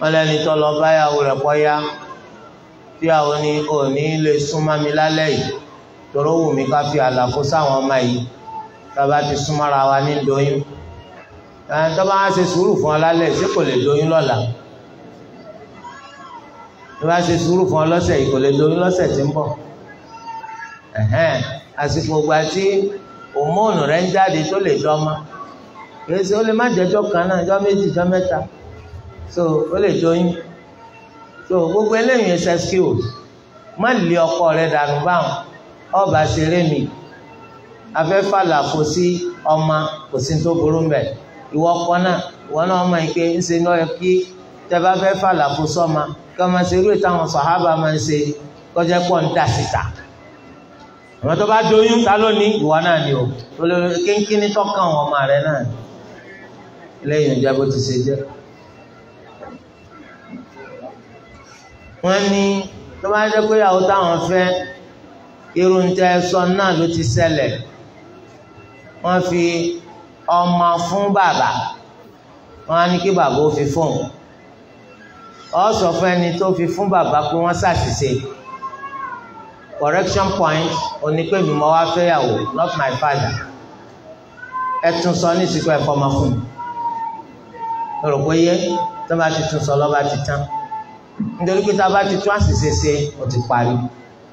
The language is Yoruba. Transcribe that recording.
wọn lẹni tó lọ báyàwó rẹ̀ bóyá tíyàwó ni ò ní lè súnmọ́ mi lálẹ́ yìí tọrọ wù mí ká fi àlàfo sáwọn ọmọ yìí tọba ti súnmọ́ra wa ní doyún tọba wá ṣe sùúrù fún ọ lálẹ́ sí kò lè doyún lọ́la tọba ṣe sùúrù fún ọ lọ́sẹ̀ yìí kò lè doyún lọ́sẹ̀ tí ń bọ̀ àsìkò ìgbà tí òmóònù rẹ̀ ń jáde tó lè dọ́mọ kì í ṣe ó lè má jẹ́jọ́ kan náà jọ́ méjì jọ́ mẹ́ta so ó lè joyún so gbogbo eléyìí ẹsẹ skills má lé ọkọ rẹ dànù báwọn ọba ṣeré mi afẹ́fà làkó sí ọmọ kò sí tó burú mbẹ ìwọ ọkọ náà ìwọ náà ọmọ yìí pé ń ṣe ní ọyọ kí tẹ́fà fẹ́ fà làkó sọ́ma kí ọmọ ṣe irú ìtàwọn sàhábà máa ń ṣe kọjá pọ̀ ń dà síta àwọn tó bá doyún ta lónìí ìwọ náà ni o kínkínní tọ́kàn ọmọ rẹ náà lẹ́yìn ìjábọ̀ ti ṣe jẹ́. wọ́n ní tó bá jẹ́ pé ìyàwó táwọn fẹ́ irú ń tẹ́ sọ náà ló ti ṣẹlẹ̀ wọ́n fi ọmọ fún bàbá wọ́n á ní kí bàbá ó fi fóun ọ sọ fún ẹni tó fi fún bàbá pé wọ́n ṣàṣìṣe correction point onípèmí mo wá fẹ́yàwó not my father ẹ tún sọ ní ìsìnkú ẹ fọmọ fún mi rò pé yé tó bá ti tún sọ lọ́ba ti tán nítorí pé tá a bá ti tún àṣìṣe ṣe ó ti parí.